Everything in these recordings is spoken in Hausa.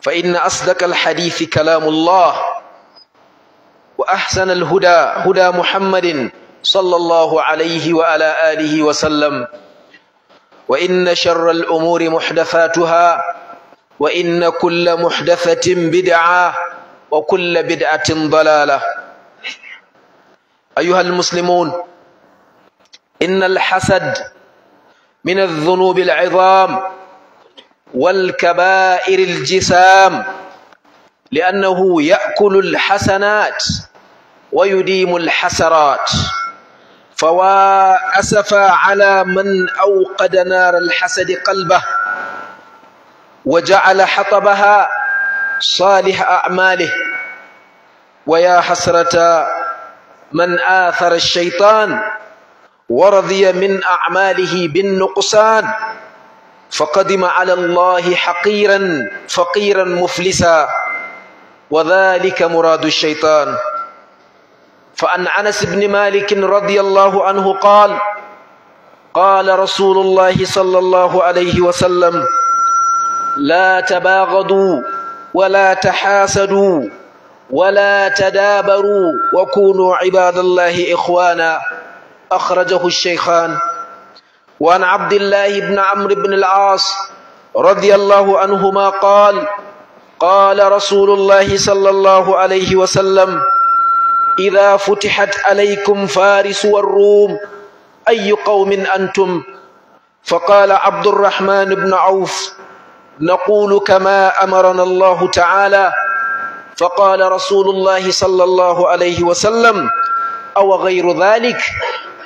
فإن أصدق الحديث كلام الله وأحسن الهدى هدى محمد صلى الله عليه وعلى آله وسلم وإن شر الأمور محدثاتها وإن كل محدثة بدعة وكل بدعة ضلالة أيها المسلمون إن الحسد من الذنوب العظام والكبائر الجسام لأنه يأكل الحسنات ويديم الحسرات فوا أسف على من أوقد نار الحسد قلبه وجعل حطبها صالح أعماله ويا حسرة من آثر الشيطان ورضي من أعماله بالنقصان فقدم على الله حقيرا فقيرا مفلسا وذلك مراد الشيطان فعن انس بن مالك رضي الله عنه قال قال رسول الله صلى الله عليه وسلم لا تباغضوا ولا تحاسدوا ولا تدابروا وكونوا عباد الله اخوانا اخرجه الشيخان وعن عبد الله بن عمرو بن العاص رضي الله عنهما قال قال رسول الله صلى الله عليه وسلم إذا فتحت عليكم فارس والروم أي قوم أنتم فقال عبد الرحمن بن عوف نقول كما أمرنا الله تعالى فقال رسول الله صلى الله عليه وسلم أو غير ذلك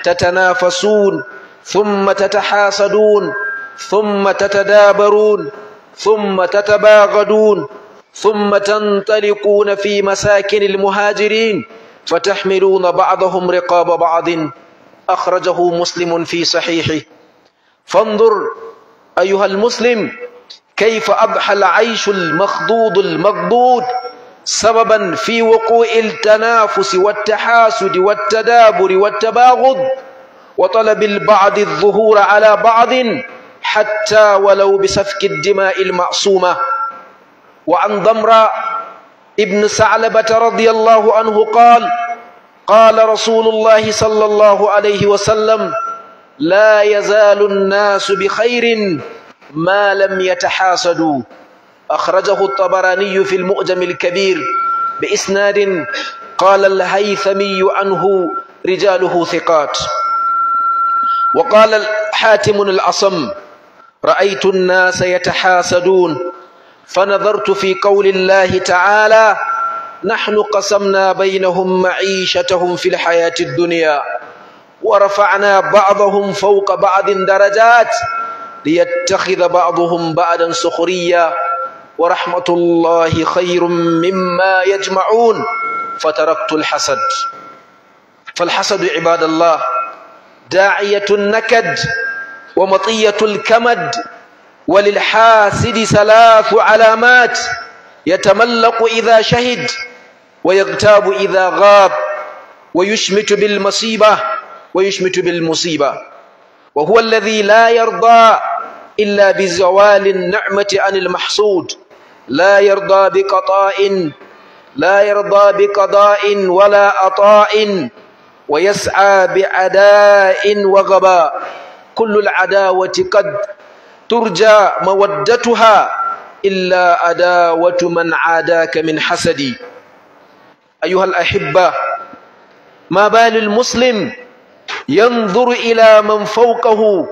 تتنافسون ثم تتحاسدون ثم تتدابرون ثم تتباغدون ثم تنطلقون في مساكن المهاجرين فتحملون بعضهم رقاب بعض أخرجه مسلم في صحيحه فانظر أيها المسلم كيف أضحى العيش المخضوض المقضود سببا في وقوع التنافس والتحاسد والتدابر والتباغض وطلب البعض الظهور على بعض حتى ولو بسفك الدماء المعصومة وعن ضمر ابن ثعلبة رضي الله عنه قال قال رسول الله صلى الله عليه وسلم لا يزال الناس بخير ما لم يتحاسدوا أخرجه الطبراني في المؤجم الكبير بإسناد قال الهيثمي عنه رجاله ثقات وقال حاتم الأصم رأيت الناس يتحاسدون فنظرت في قول الله تعالى نحن قسمنا بينهم معيشتهم في الحياة الدنيا ورفعنا بعضهم فوق بعض درجات ليتخذ بعضهم بعدا سخريا ورحمة الله خير مما يجمعون فتركت الحسد فالحسد عباد الله داعية النكد ومطية الكمد وللحاسد ثلاث علامات يتملق إذا شهد ويغتاب إذا غاب ويشمت بالمصيبة ويشمت بالمصيبة وهو الذي لا يرضى إلا بزوال النعمة عن المحصود لا يرضى بقطاء لا يرضى بقضاء ولا أطاء ويسعى بعداء وغباء كل العداوة قد ترجى مودتها إلا عداوة من عاداك من حسدي أيها الأحبة ما بال المسلم ينظر إلى من فوقه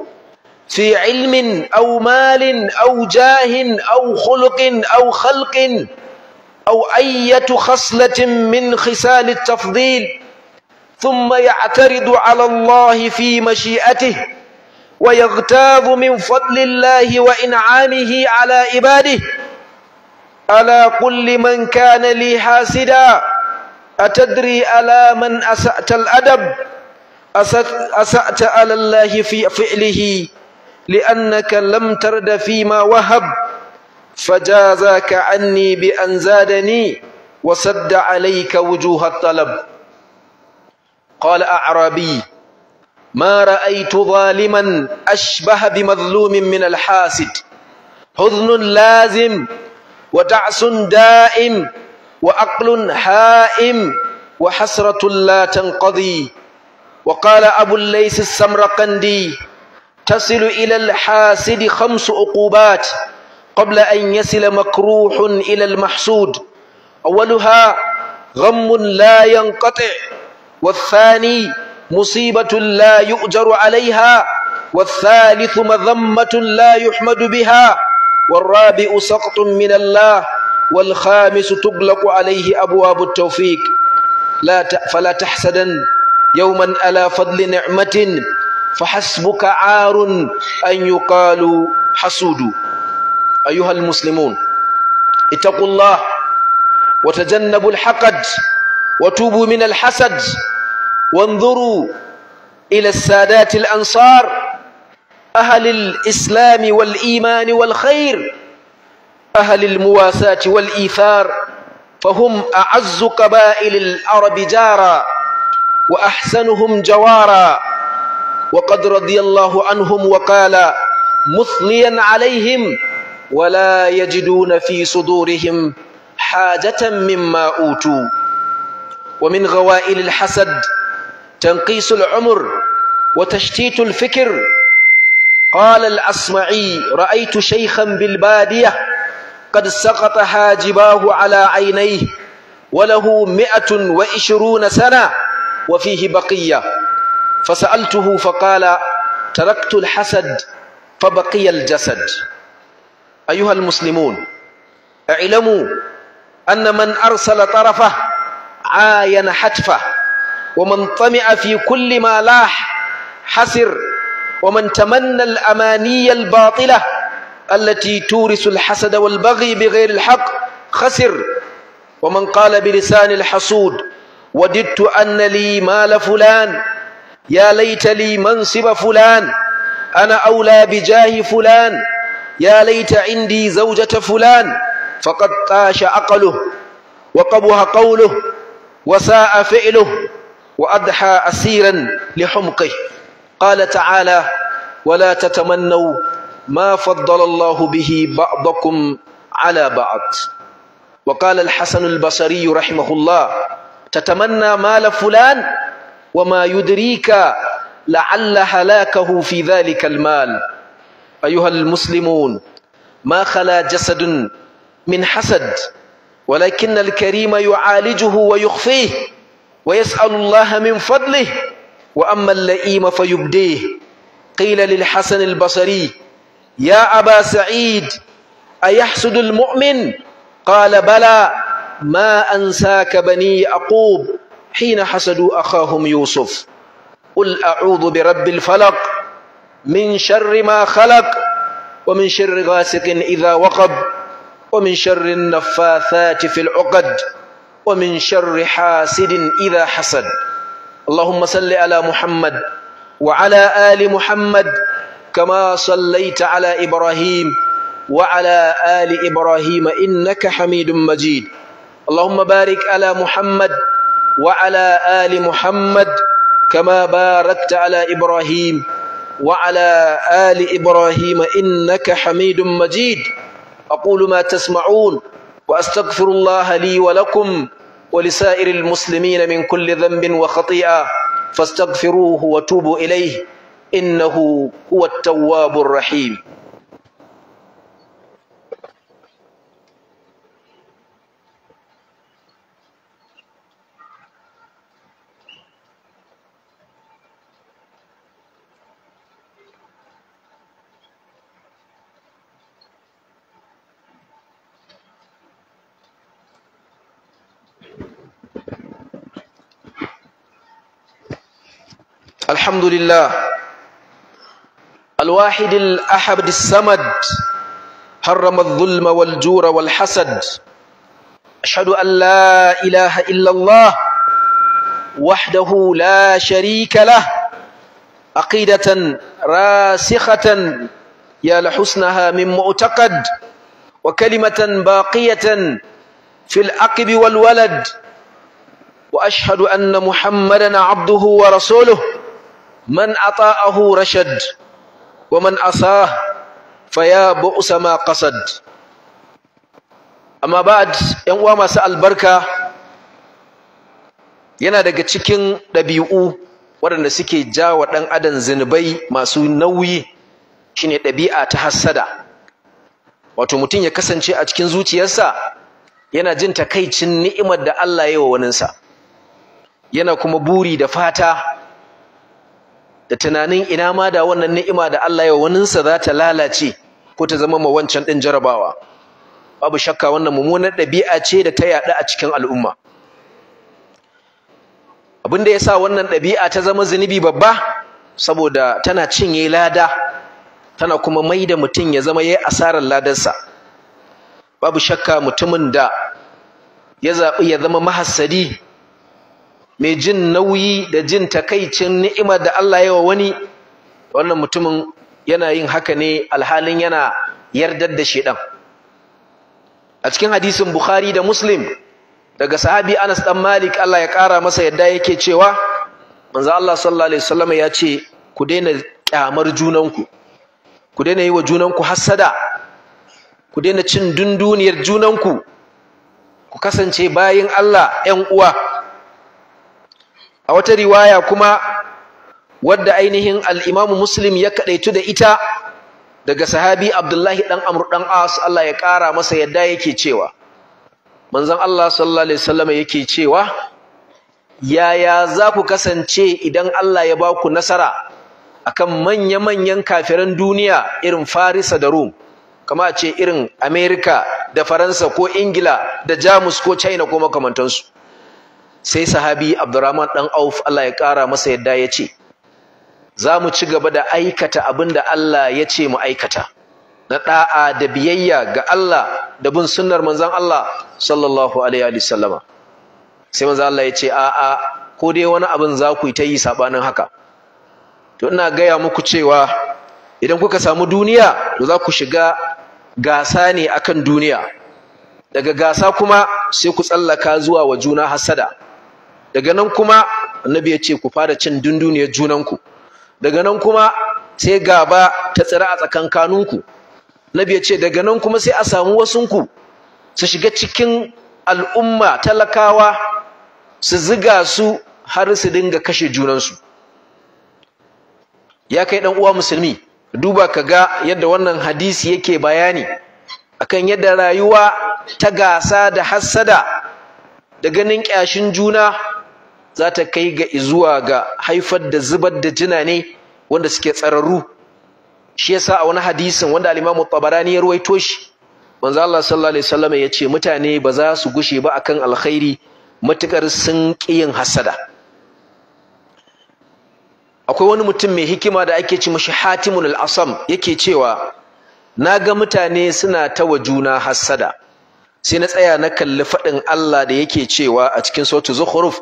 في علم أو مال أو جاه أو خلق أو خلق أو أية خصلة من خصال التفضيل ثم يعترض على الله في مشيئته ويغتاظ من فضل الله وإنعامه على عباده ألا كل من كان لي حاسدا أتدري ألا من أسأت الأدب أسأت على الله في فعله لأنك لم ترد فيما وهب فجازاك عني بأن زادني وسد عليك وجوه الطلب قال أعرابي ما رأيت ظالما أشبه بمظلوم من الحاسد حزن لازم وتعس دائم وأقل هائم وحسرة لا تنقضي وقال أبو الليث السمرقندي تصل إلى الحاسد خمس عقوبات قبل أن يصل مكروح إلى المحسود أولها غم لا ينقطع والثاني مصيبة لا يؤجر عليها والثالث مذمة لا يحمد بها والرابع سقط من الله والخامس تغلق عليه أبواب التوفيق لا فلا تحسدن يوما على فضل نعمة فحسبك عار أن يقال حسود أيها المسلمون اتقوا الله وتجنبوا الحقد وتوبوا من الحسد وانظروا إلى السادات الأنصار أهل الإسلام والإيمان والخير أهل المواساة والإيثار فهم أعز قبائل العرب جارا وأحسنهم جوارا وقد رضي الله عنهم وقال مثليا عليهم ولا يجدون في صدورهم حاجة مما أوتوا ومن غوائل الحسد تنقيس العمر وتشتيت الفكر قال الأصمعي رأيت شيخا بالبادية قد سقط حاجباه على عينيه وله مئة وإشرون سنة وفيه بقية فسألته فقال تركت الحسد فبقي الجسد أيها المسلمون اعلموا أن من أرسل طرفه عاين حتفه ومن طمع في كل ما لاح حسر ومن تمنى الأماني الباطلة التي تورث الحسد والبغي بغير الحق خسر ومن قال بلسان الحسود وددت أن لي مال فلان يا ليت لي منصب فلان أنا أولى بجاه فلان يا ليت عندي زوجة فلان فقد طاش عقله وقبه قوله وساء فعله وأضحى أسيرا لحمقه قال تعالى ولا تتمنوا ما فضل الله به بعضكم على بعض وقال الحسن البصري رحمه الله تتمنى مال فلان وما يدريك لعل هلاكه في ذلك المال أيها المسلمون ما خلا جسد من حسد ولكن الكريم يعالجه ويخفيه ويسأل الله من فضله وأما اللئيم فيبديه قيل للحسن البصري يا أبا سعيد أيحسد المؤمن قال بلى ما أنساك بني يعقوب حين حسدوا أخاهم يوسف قل أعوذ برب الفلق من شر ما خلق ومن شر غاسق إذا وقب ومن شر النفاثات في العقد ومن شر حاسد إذا حسد اللهم صل على محمد وعلى آل محمد كما صليت على إبراهيم وعلى آل إبراهيم إنك حميد مجيد اللهم بارك على محمد وعلى آل محمد كما باركت على إبراهيم وعلى آل إبراهيم إنك حميد مجيد أقول ما تسمعون واستغفر الله لي ولكم ولسائر المسلمين من كل ذنب وخطيئه فاستغفروه وتوبوا اليه انه هو التواب الرحيم الحمد لله الواحد الأحد السمد حرم الظلم والجور والحسد أشهد أن لا إله إلا الله وحده لا شريك له عقيدة راسخة يا لحسنها من معتقد وكلمة باقية في العقب والولد وأشهد أن محمدا عبده ورسوله man ata'ahu rashad wa man asah faya bu'sa ma qasad amma ba'd yan uwa masu albarka yana daga cikin ɗabi'u waɗanda suke ja wa ɗan adam zinubai masu nauyi shine ɗabi'a ta hassada wato mutum ya kasance a cikin zuciyarsa yana jin takaicin ni'imar da Allah ya yi wa waninsa yana kuma buri da fata da tunanin ina ma da wannan ni'ima da Allah ya waninsa za ta lalace ko ta zama ma wancan ɗin jarabawa babu shakka wannan mummunar ɗabi'a ce da ta yaɗu a cikin al'umma abin da ya sa wannan ɗabi'a ta zama zunubi babba saboda tana cinye lada tana kuma mai da mutum ya zama ya yi asarar ladarsa babu shakka mutumin da ya zaɓi ya zama mahassadi mai jin nauyi da jin takaicin ni'imar da Allah ya wa wani wannan mutumin yana yin haka ne alhalin yana yardar da shedan a cikin hadisin Bukhari da Muslim daga sahabi Anas dan Malik Allah ya kara masa yadda yake cewa manzo Allah sallallahu alaihi wasallam ya ce ku daina kyamar junanku ku daina yi wa junanku hassada ku daina cin dunduniyar junanku ku kasance bayin Allah 'yan uwa a wata riwaya kuma wadda ainihin al'imamu muslim ya kaɗaitu da ita daga sahabi abdullahi ɗan amur ɗan as Allah ya ƙara masa yadda yake cewa manzan Allah sallallahu alaihi wasallam yake cewa yaya za ku kasance idan Allah ya ba ku nasara akan manya-manyan kafiran duniya irin Farisa da Rum kama ce irin Amerika da Faransa ko Ingila da Jamus ko China ko makamantansu sai sahabi abdurrahman dan auf Allah ya kara masa yadda ya ce za mu ci gaba da aikata abin da Allah ya ce mu aikata na da'a da biyayya ga Allah da bin sunnar manzon Allah sallallahu alaihi wa sallama sai manzon Allah ya ce a'a ko dai wani abin za ku yi ta yi sabanin haka to ina gaya muku cewa idan kuka samu duniya to za ku shiga gasa ne akan duniya daga gasa kuma sai ku tsallaka zuwa wa juna hasada daga nan kuma annabi ya ce ku fara cin dunduniyar junanku daga nan kuma sai gaba ta tsira a tsakankaninku annabi ya ce daga nan kuma sai a samu wasunku su shiga cikin al'umma talakawa su ziga su har su dinga kashe junansu ya kai dan uwa musulmi duba ka ga yadda wannan hadisi yake bayani akan yadda rayuwa ta gasa da hassada da ganin ƙyashin juna za ta kai ga zuwa ga haifar da zubar da jina ne wanda suke tsararru shi yasa a wani hadisin wanda al-Imam Tabarani ya ruwaito shi manzo Allah sallallahu alaihi wasallam ya ce mutane ba za su gushe ba akan alkhairi matukar sun kiyin hasada akwai wani mutum mai hikima da ake ci mashi Hatimun al-Asam yake cewa na ga mutane suna ta juna hasada sai na tsaya na kalli faɗin Allah da yake cewa a cikin sautu zuhruf.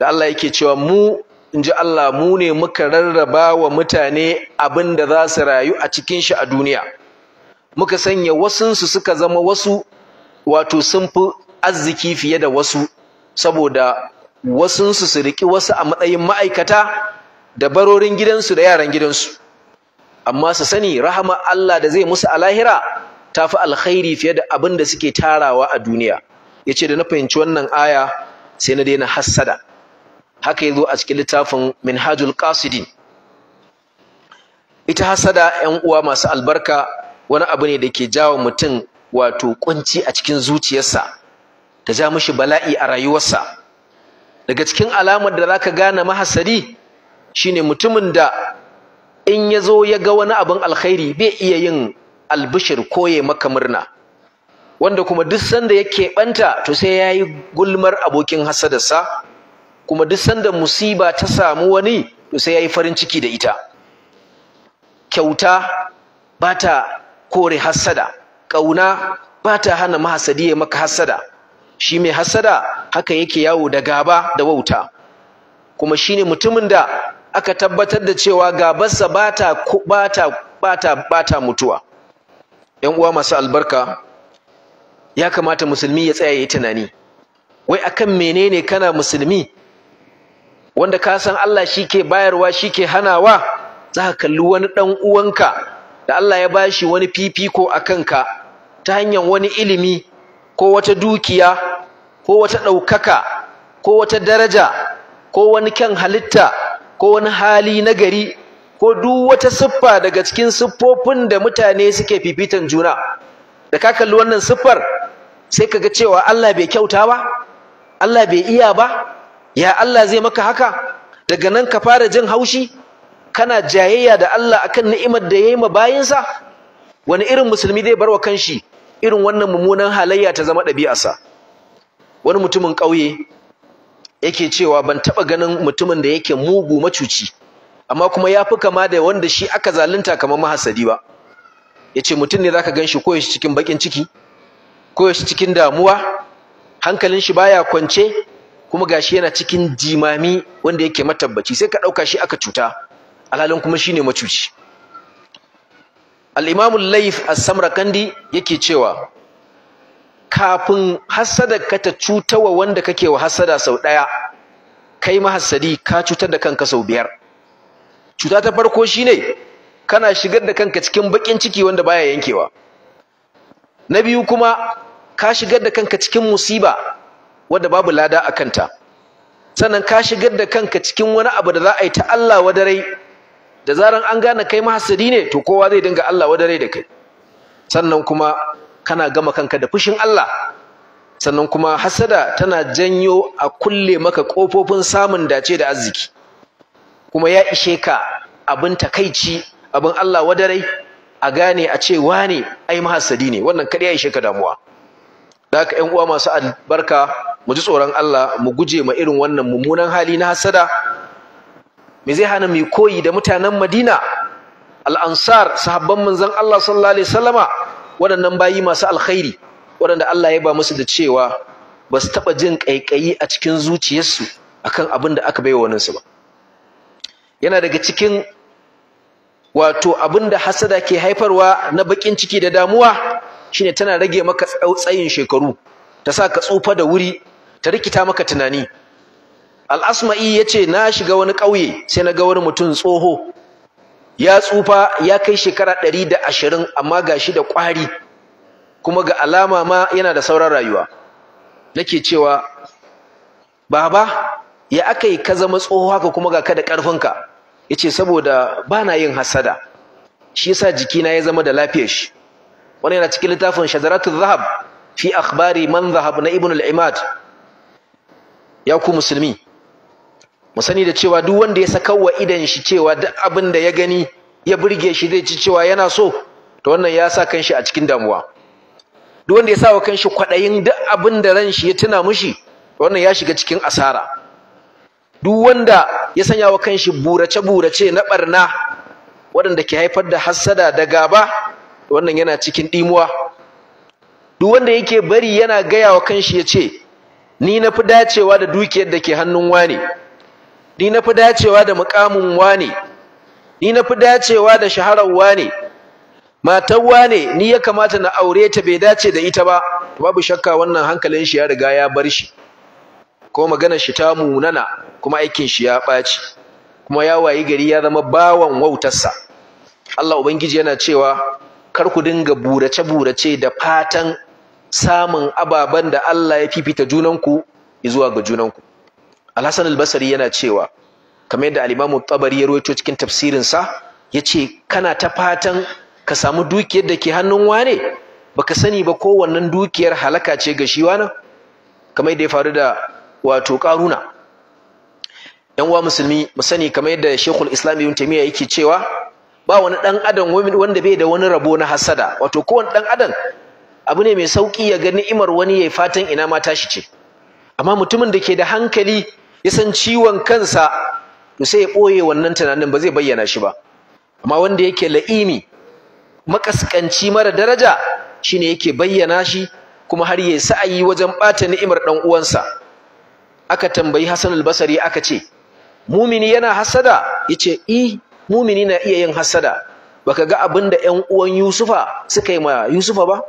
da Allah yake cewa mu in ji Allah mu ne muka rarraba wa mutane abin da za su rayu a cikin shi a duniya muka sanya wasunsu suka zama wasu wato sun fi arziki fiye da wasu saboda wasunsu su riƙi wasu a matsayin ma'aikata da barorin gidansu da yaran gidansu amma su sani rahama Allah da zai musu a lahira ta fi alkhairi fiye da abin da suke tarawa a duniya ya ce da na fahimci wannan aya sai na daina hassada haka yazo a cikin littafin minhajul qasidin ita hasada 'yan uwa masu albarka wani abu ne da ke jawo mutum wato kunci a cikin zuciyarsa ta ja mishi bala'i a rayuwarsa daga cikin alamar da zaka gane mahasari shine mutumin da in ya zo ya ga wani abin alkhairi bai iya yin albishir ko ya maka murna wanda kuma duk sanda yake keɓanta to sai yayi gulmar abokin hasadarsa kuma duk sanda musiba ta samu wani to sai yayi farin ciki da ita kyauta bata kore hassada kauna bata hana mahasadi ya maka hassada shi mai hassada haka yake yawo da gaba da wauta kuma shine mutumin da aka tabbatar da cewa gabarsa bata bata bata bata mutuwa yan uwa masu albarka ya kamata musulmi ya tsaya yayi tunani wai akan menene kana musulmi wanda ka san Allah shi ke bayarwa shi ke hanawa za ka kalli wani ɗan uwanka da Allah ya ba shi wani fifiko a kanka ta hanyar wani ilimi ko wata dukiya ko wata ɗaukaka ko wata daraja ko wani kyan halitta ko wani hali na gari ko duk wata siffa daga cikin siffofin da mutane suke fifitan juna da ka kalli wannan siffar sai ka ga cewa Allah bai kyauta ba Allah bai iya ba ya Allah zai maka haka daga nan ka fara jin haushi kana jayayya da Allah akan ni'imar da yayi ma bayinsa wani irin musulmi zai barwa kanshi irin wannan mummunan halayya ta zama ɗabi'arsa wani mutumin ƙauye yake cewa ban taɓa ganin mutumin da yake mugu macuci amma kuma ya fi kama da wanda shi aka zalunta kamar mahasadi ba ya ce mutum ne zaka ka gan shi koyaushe cikin baƙin ciki koyaushe cikin damuwa hankalin shi baya kwance kuma gashi yana cikin jimami wanda yake matabbaci sai ka ɗauka shi aka cuta alhalin kuma shine macuci al-imamu laif as-samrakandi yake cewa kafin hasada ka ta cutawa wanda kake wa hasada sau ɗaya kai mahasadi ka cutar da kanka sau biyar cuta ta farko shine kana shigar da kanka cikin bakin ciki wanda baya yankewa na biyu kuma ka shigar da kanka cikin musiba wadda babu lada a kanta sannan ka shigar da kanka cikin wani abu da za a yi ta Allah wadarai da zaran an gane kai mahasadi ne to kowa zai dinga Allah wadarai da kai sannan kuma kana gama kanka da fushin Allah sannan kuma hasada tana janyo a kulle maka kofofin samun dace da arziki kuma ya ishe ka abin takaici abin Allah wadarai a gane a ce wane ai mahasadi ne wannan kadai ya ishe ka damuwa da haka ƴan uwa masu albarka mu ji tsoron Allah mu guje ma irin wannan mummunan hali na hasada me zai hana mu koyi da mutanen Madina al-ansar sahabban manzon Allah sallallahu alaihi wasallama waɗannan bayi masu alkhairi waɗanda Allah ya ba musu da cewa ba su taɓa jin ƙaiƙayi a cikin zuciyarsu akan abin da aka baiwa waninsu ba yana daga cikin wato abin da hasada ke haifarwa na bakin ciki da damuwa shine tana rage maka tsayin shekaru ta sa ka tsufa da wuri ta rikita maka tunani al-asma'i yace na shiga wani ƙauye sai na ga wani mutum tsoho ya tsufa ya kai shekara ɗari da ashirin amma ga shi da kwari kuma ga alama ma yana da sauran rayuwa nake cewa baba ya aka ka zama tsoho haka kuma ga ka da ƙarfinka yace yace saboda ba na yin hasada shi yasa jikina ya zama da lafiyar shi wani yana cikin littafin shazaratul zahab fi akhbari man zahab na ibn al-imad ya ku musulmi mu sani da cewa duk wanda ya sakawa idon idan shi cewa duk abin da ya gani ya burge shi zai ci cewa yana so to wannan ya sa kanshi a cikin damuwa duk wanda ya sa kanshi kwaɗayin duk abin da ran shi ya tuna mushi to wannan ya shiga cikin asara duk wanda ya sanya wa kanshi burace-burace na barna waɗanda ke haifar da hassada da gaba wannan yana cikin ɗimuwa duk wanda yake bari yana gaya wa kanshi ya ce ni na fi dacewa da dukiyar da ke hannun wane ni na fi dacewa da mukamin wane ni na fi dacewa da shaharar wane matar wane ni ya kamata na aure ta bai dace da ita ba babu shakka wannan hankalin shi ya riga ya bar shi ko magana shi ta munana kuma aikin shi ya ɓaci kuma ya wayi gari ya zama bawan wautarsa Allah ubangiji yana cewa kar ku dinga burace burace da fatan samun ababen da Allah ya fifita junanku zuwa ga junanku al hassan al-Basri yana cewa kamar yadda al-Imam tabari ya rawaito cikin tafsirinsa, ya ce, kana ta fatan ka samu dukiyar da ke hannun wane ka sani ba ko wannan dukiyar halaka ce ga shi wani kamar yadda ya faru da wato Karuna yan uwa musulmi mu sani kamar yadda Sheikhul Islam Ibn Taymiyyah yake cewa ba wani dan adam wanda bai da wani rabo na hasada wato kowane ɗan adam abu ne mai sauki ya ga ni'imar wani yayi fatan ina ma tashi ce amma mutumin da ke da hankali ya san ciwon kansa to sai ya boye wannan tunanin ba zai bayyana shi ba amma wanda yake la'imi makaskanci mara daraja shine yake bayyana shi kuma har yayi sa'ayi wajen ɓata ni'imar ɗan uwansa aka tambayi Hassan al-Basri aka ce mumini yana hasada yace i eh, mumini na iya yin hasada baka ga abin da ƴan uwan Yusufa suka yi ma Yusufa ba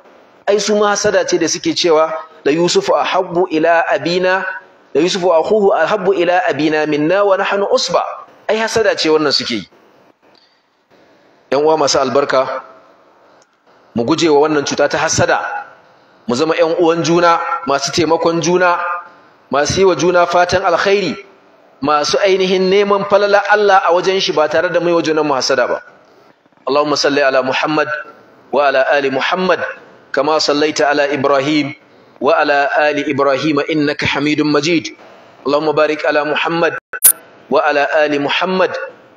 ai su ma hasada ce da suke cewa da yusufu ahabbu ila abina da yusufu a ahabbu ila abina minna wa hannu usba ai hasada ce wannan suke yi yan uwa masu albarka mu guje wa wannan cuta ta hasada mu zama yan uwan juna masu taimakon juna masu yi wa juna fatan alkhairi masu ainihin neman falala Allah a wajen shi ba tare da mai wa mu hasada ba Allahumma salli ala Muhammad wa ala ali Muhammad كما صليت على إبراهيم وعلى آل إبراهيم إنك حميد مجيد اللهم بارك على محمد وعلى آل محمد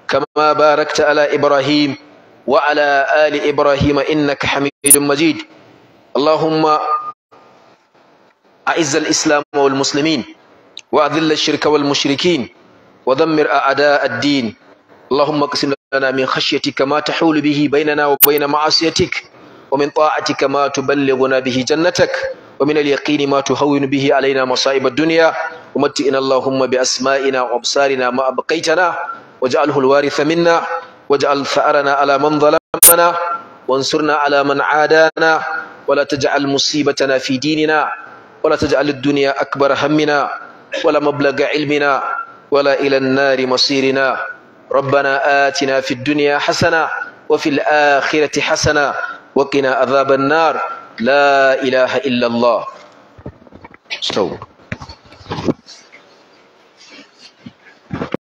كما باركت على إبراهيم وعلى آل إبراهيم إنك حميد مجيد اللهم أعز الإسلام والمسلمين وأذل الشرك والمشركين ودمر أعداء الدين اللهم اقسم لنا من خشيتك ما تحول به بيننا وبين معصيتك ومن طاعتك ما تبلغنا به جنتك ومن اليقين ما تهون به علينا مصائب الدنيا ومتئنا اللهم بأسمائنا وأبصارنا ما أبقيتنا واجعله الوارث منا واجعل ثأرنا على من ظلمنا وانصرنا على من عادانا ولا تجعل مصيبتنا في ديننا ولا تجعل الدنيا أكبر همنا ولا مبلغ علمنا ولا إلى النار مصيرنا ربنا آتنا في الدنيا حسنة وفي الآخرة حسنة وقنا عذاب النار لا إله إلا الله استغفر